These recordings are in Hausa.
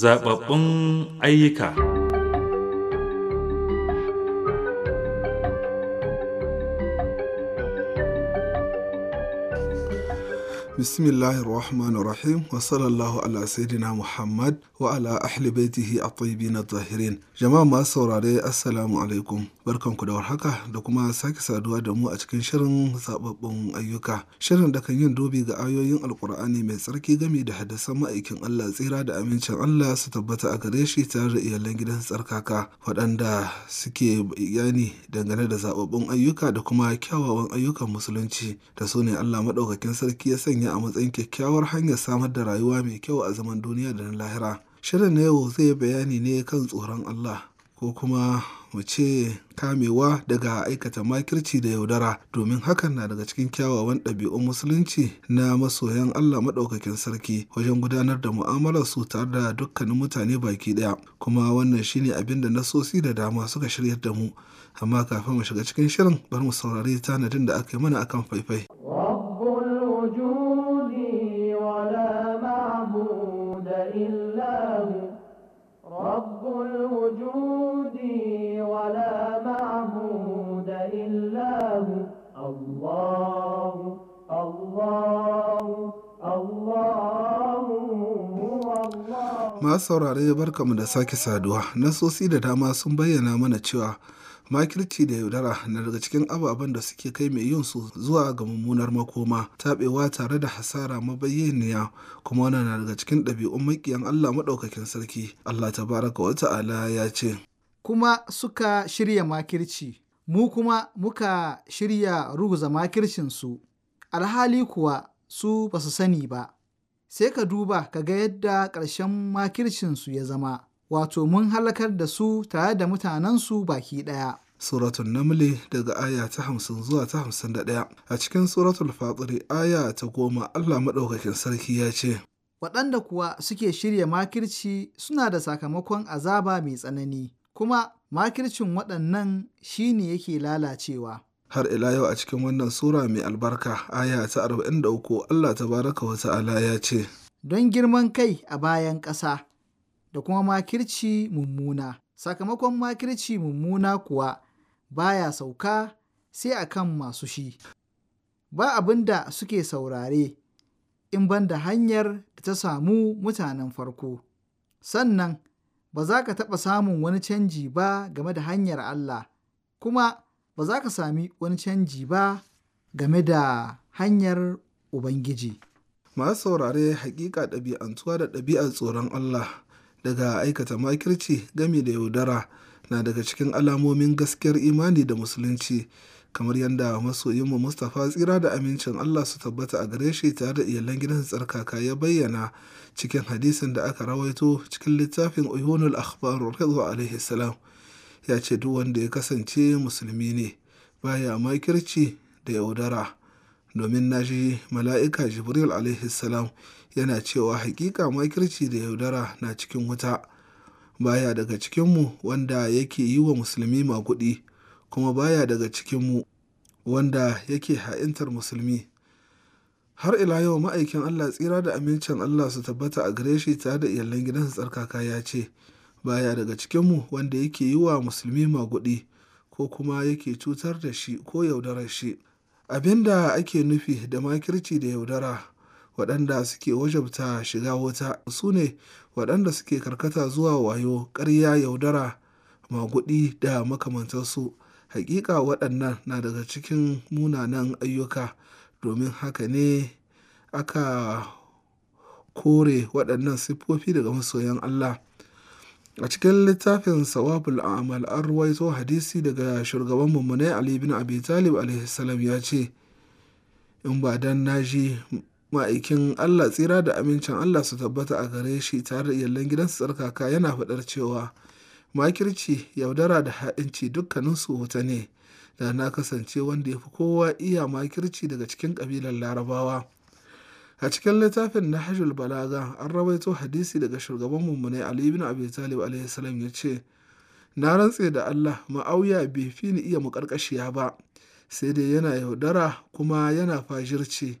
zaɓaɓɓun ayyuka. bismillahi rahmanir rahim wa sallallahu ala sayyidina muhammad wa ala ahli baitihi at-tayyibin at-tahirin jama'a masu saurare assalamu alaikum barkanku da warhaka da kuma sake saduwa da mu a cikin shirin zababbun ayyuka shirin da kan yin dubi ga ayoyin alkur'ani mai tsarki game da hadasan ma'aikin Allah tsira da amincin Allah su tabbata a gare shi tare da iyalan gidan tsarkaka waɗanda suke bayani dangane da zababbun ayyuka da kuma kyawawan ayyukan musulunci da su ne Allah madaukakin sarki ya sanya ne a matsayin kyakkyawar hanyar samar da rayuwa mai kyau a zaman duniya da na lahira. Shirin na yau zai bayani ne kan tsoron Allah ko kuma mu ce kamewa daga aikata makirci da yaudara domin hakan na daga cikin kyawawan ɗabi'un musulunci na masoyan Allah maɗaukakin sarki wajen gudanar da mu'amalar su tare da dukkanin mutane baki ɗaya kuma wannan shine abin da nasosi da dama suka shiryar da mu amma kafin mu shiga cikin shirin bar mu saurari tanadin da aka yi mana akan faifai. رب الوجود ولا معبود إلا هو الله الله الله masu saurare barkamu da sake saduwa nasosi da dama sun bayyana mana cewa makirci da yaudara na daga cikin ababen da suke kai mai yin su zuwa ga mummunar makoma taɓewa tare da hasara mabayyaniya kuma wannan na daga cikin ɗabi'un makiyan Allah maɗaukakin sarki Allah ta tabaraka wa ta'ala ya ce kuma suka shirya makirci mu kuma muka shirya ruguza makircin su alhali kuwa su basu sani ba sai ka duba ka ga yadda ƙarshen makircin su ya zama wato mun halakar da su tare da mutanensu baki ɗaya. Suratun Namli daga aya ta hamsin zuwa ta hamsin da ɗaya a cikin Suratul Fatiri aya ta goma Allah Maɗaukakin Sarki ya ce. Waɗanda kuwa suke shirya makirci suna da sakamakon azaba mai tsanani, kuma makircin waɗannan shine yake lalacewa. har ila yau a cikin wannan sura mai albarka aya ta arba'in uku Allah ta wa ta'ala ya ce don girman kai a bayan ƙasa da kuma makirci mummuna sakamakon makirci mummuna kuwa baya sauka sai a kan masu shi ba abin da suke saurare in ban da hanyar da ta samu mutanen farko sannan ba za ka taɓa samun wani canji ba game da hanyar Allah kuma ba za ka sami wani canji ba game da hanyar Ubangiji. Masu saurare hakika ɗabi'antuwa da ɗabi'ar tsoron Allah daga aikata makirci gami da yaudara na daga cikin alamomin gaskiyar imani da musulunci kamar yadda masoyinmu Mustapha tsira da amincin Allah su tabbata a gare shi tare da iyalan gidan tsarkaka ya bayyana cikin hadisin da aka rawaito cikin littafin Uyunul Akhbar Ridho alaihi salam ya ce duk wanda ya kasance musulmi ne baya makirci da yaudara domin na ji mala'ika Jibril alaihi salam yana cewa hakika makirci da yaudara na cikin wuta baya daga cikinmu wanda yake yi wa musulmi maguɗi kuma baya daga cikinmu wanda yake ha'intar musulmi har ila yau ma'aikin Allah tsira da amincin Allah su tabbata a gare shi ta da iyalan gidansa tsarkaka ya ce baya daga cikinmu wanda yake yi wa musulmi maguɗi ko kuma yake cutar da shi ko yaudarar shi abinda ake nufi da makirci da yaudara waɗanda suke wajabta shiga wuta su ne waɗanda suke karkata zuwa wayo ƙarya yaudara maguɗi da makamantarsu hakika waɗannan na daga cikin munanan ayyuka domin haka ne aka kore waɗannan siffofi daga masoyan Allah a cikin littafin sawabul amal an ruwaito hadisi daga shugaban mummunai ali bin abi talib alaihi ya ce in ba dan naji Ma'aikin Allah tsira da amincin Allah su tabbata a gare shi tare da iyalan gidansu tsarkaka yana faɗar cewa makirci, yaudara da haɗinci dukkaninsu wuta ne, da na kasance wanda ya fi kowa iya makirci daga cikin ƙabilar Larabawa. A cikin littafin na hajjul Balaga an rawaito hadisi daga shugaban mummunai Ali ibn Abi Talib alaihi salam ya ce na rantse da Allah ma'auya bai fi ni iya muƙarƙashiya ba sai dai yana yaudara kuma yana fajirci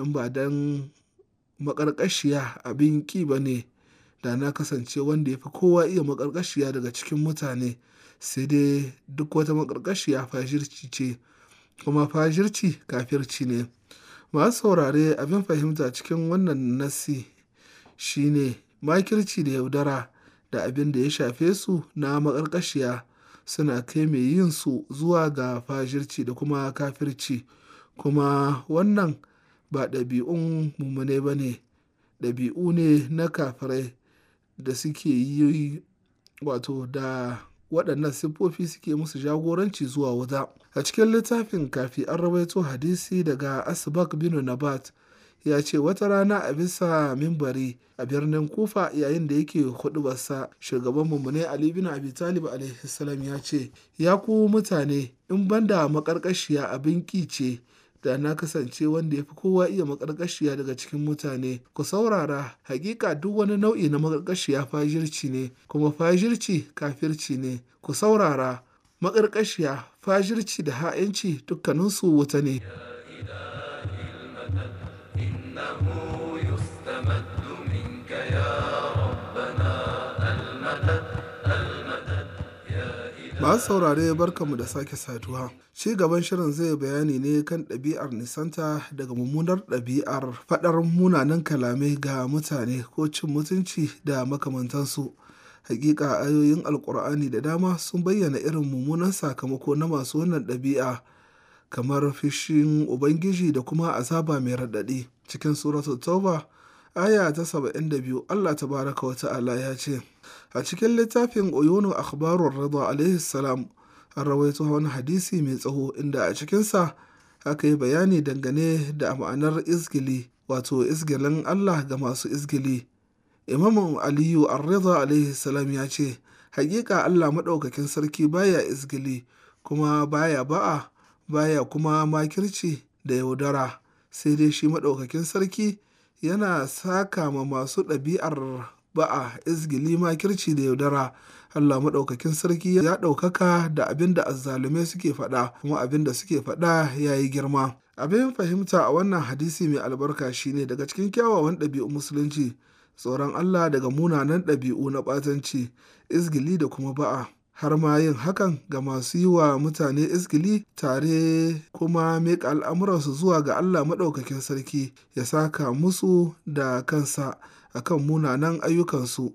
in ba dan maƙarƙashiya abin ƙi ba ne da na kasance wanda ya fi kowa iya maƙarƙashiya daga cikin mutane sai dai duk wata maƙarƙashiya fajirci ce kuma fajirci kafirci ne masu saurare abin fahimta cikin wannan nasi shine makirci da yaudara da abin da ya shafe su na maƙarƙashiya suna kai mai yin su zuwa ga fajirci da kuma kafirci kuma wannan ba ɗabi'un mummune ba ne ɗabi'u ne na kafirai da suke yi wato da waɗannan siffofi suke musu jagoranci zuwa wuta a cikin littafin kafi an rawaito hadisi daga asbak bin nabat ya ce wata rana a bisa mimbari a birnin kufa yayin da yake hudubarsa shugaban mummune ali bin abi talib alaihi ya ce ya ku mutane in banda maƙarƙashiya abin ƙi ce da na kasance wanda ya fi kowa iya makarkashiya daga cikin mutane ku saurara hakika duk wani nau'i na makarkashiya fajirci ne kuma fajirci kafirci ne ku saurara makarkashiya fajirci da ha'inci dukkaninsu wuta ne Masu saurare barkanmu da sake saduwa. Ci gaban shirin zai bayani ne kan ɗabi'ar nisanta daga mummunar ɗabi'ar faɗar munanan kalamai ga mutane ko cin mutunci da makamantansu. Hakika ayoyin Alƙur'ani da dama sun bayyana irin mummunan sakamako na masu wannan ɗabi'a kamar fishin Ubangiji da kuma azaba mai raɗaɗi cikin suratul Tauba aya ta biyu Allah ta baraka wa ta'ala ya ce a cikin littafin oyono akhbarur rida alaihi salam an rawaito wani hadisi mai tsaho inda a cikinsa aka yi bayani dangane da ma'anar izgili wato izgilin Allah ga masu izgili Imam Aliyu Ar-Rida alaihi salam ya ce hakika Allah maɗaukakin sarki baya izgili kuma baya ba'a baya kuma makirci da yaudara sai dai shi maɗaukakin sarki yana saka ma masu ɗabi'ar ba'a, izgili, ma makirci da yaudara. Allah Maɗaukakin Sarki ya ɗaukaka da abin da azzalumai suke faɗa, kuma abin da suke faɗa ya yi girma. Abin fahimta a wannan hadisi mai albarka shine daga cikin kyawawan ɗabi'un Musulunci, tsoron Allah daga munanan ɗabi'u na ɓatanci, izgili da kuma ba'a. har ma yin hakan ga masu yi wa mutane iskili tare kuma miƙa al'amuransu zuwa ga Allah Maɗaukakin Sarki ya saka musu da kansa akan munanan ayyukansu.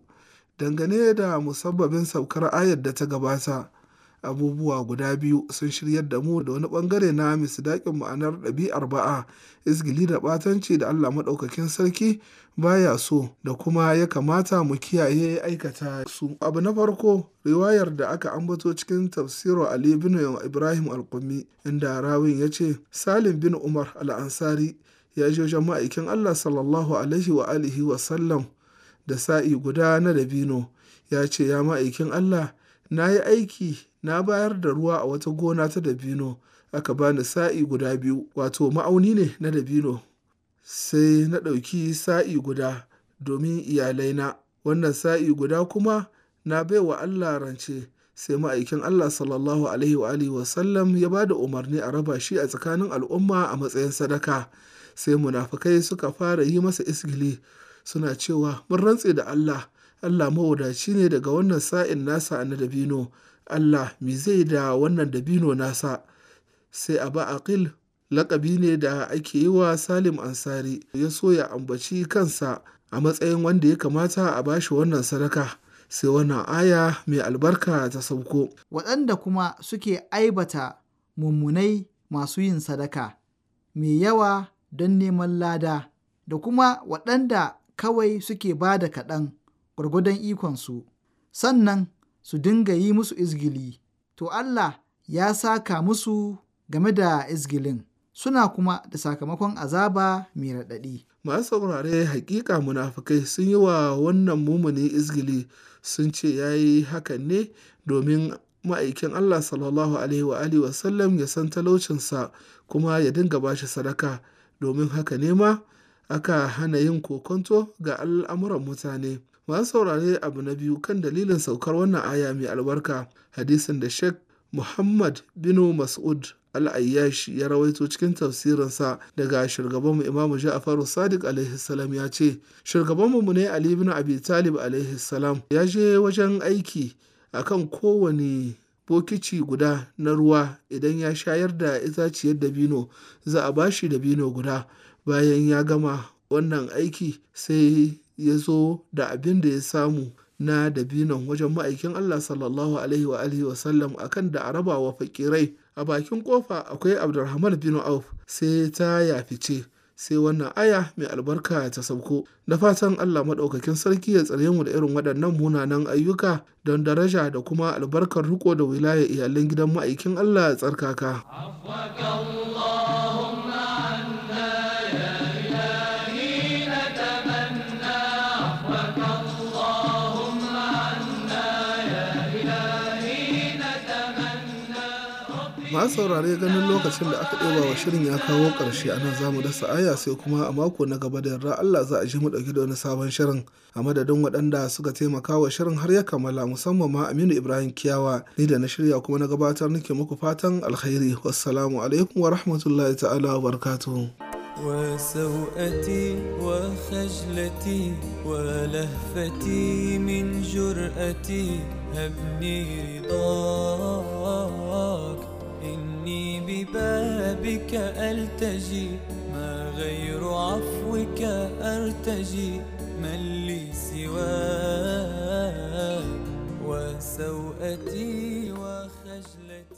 Dangane da musabbabin saukar ayar da ta gabata, abubuwa guda biyu sun shiryar da mu da wani ɓangare na misdaƙin ma'anar ɗabi'ar ba'a izgili da ɓatanci da Allah maɗaukakin sarki baya so da kuma ya kamata mu kiyaye aikata su abu na farko riwayar da aka ambato cikin tafsiru ali bin ibrahim alkumi inda rawin ya ce salim bin umar al-ansari ya je wajen ma'aikin Allah sallallahu alaihi wa alihi wa sallam da sa'i guda na dabino ya ce ya ma'aikin Allah Na yi aiki na bayar da ruwa a wata gona ta dabino, aka ba ni sa'i guda biyu wato (ma'auni ne na dabino), sai na ɗauki sa'i guda domin iyalaina, wannan sa'i guda kuma na bai wa Allah rance, sai ma'aikin Allah wa wasallam ya ba da umarni a raba shi a tsakanin al'umma a matsayin sadaka, sai munafukai suka fara yi masa isgili suna cewa, Mun rantse da Allah! Allah mawadaci ne daga wannan sa'in nasa na dabino, Allah me zai da wannan dabino nasa? Sai a Aqil laƙabi ne da ake yi wa Salim Ansari ya so ya ambaci kansa a matsayin wanda ya kamata a bashi wannan sadaka. Sai wannan aya mai albarka ta sauko. Waɗanda kuma suke aibata mummunai masu yin sadaka, mai yawa don neman lada, da kuma waɗanda kawai suke ba da kaɗan. gwargwadon ikonsu, sannan su dinga yi musu izgili, to Allah ya saka musu game da izgilin, suna kuma da sakamakon azaba mai raɗaɗi. Masu saurare hakika munafukai sun yi wa wannan mumuni izgili sun ce ya yi hakan ne domin ma'aikin Allah sallallahu alaihi wa wasallam ya san talaucinsa kuma ya dinga bashi sadaka domin haka ne ma aka hana yin kokonto ga al'amuran mutane Masu saurare abu na biyu kan dalilin saukar wannan aya mai albarka, hadisin da Sheikh Muhammad bin Mas'ud Al-Ayyashi ya rawaito cikin tafsirinsa daga shugabanmu Imam jafaru Sadiq alaihi ya ce, Shugabanmu mu ne Ali bin Abi Talib alaihi ya je wajen aiki akan kowane bokici guda na ruwa idan ya shayar da itaciyar dabino za a bashi dabino guda bayan ya gama wannan aiki sai ya zo da abin da ya samu na dabinon wajen ma'aikin Allah sallallahu alaihi wa alihi wasallam akan da araba wa fakirai a bakin kofa akwai Abdulrahman bin Auf sai ta ya fice, sai wannan aya mai albarka ta sauko da fatan Allah maɗaukakin sarki ya tsare mu da irin waɗannan munanan ayyuka don daraja da kuma albarkar riko da wilaya iyalan gidan ma'aikin Allah tsarkaka. saurare ganin lokacin da aka ɗeba wa shirin ya kawo ƙarshe ana za mu dasa aya sai kuma a mako na gaba da yarda Allah za a ji mu ɗauki da wani sabon shirin a madadin waɗanda suka taimaka wa shirin har ya kammala musamman ma Aminu Ibrahim Kiyawa ni da na shirya kuma na gabatar nake muku fatan alkhairi wassalamu alaikum wa rahmatullahi ta'ala wa barakatuhu وسوءتي وخجلتي ولهفتي من جرأتي هبني رضاك اني ببابك ألتجي ما غير عفوك أرتجي من لي سواك وسوءتي وخجلتي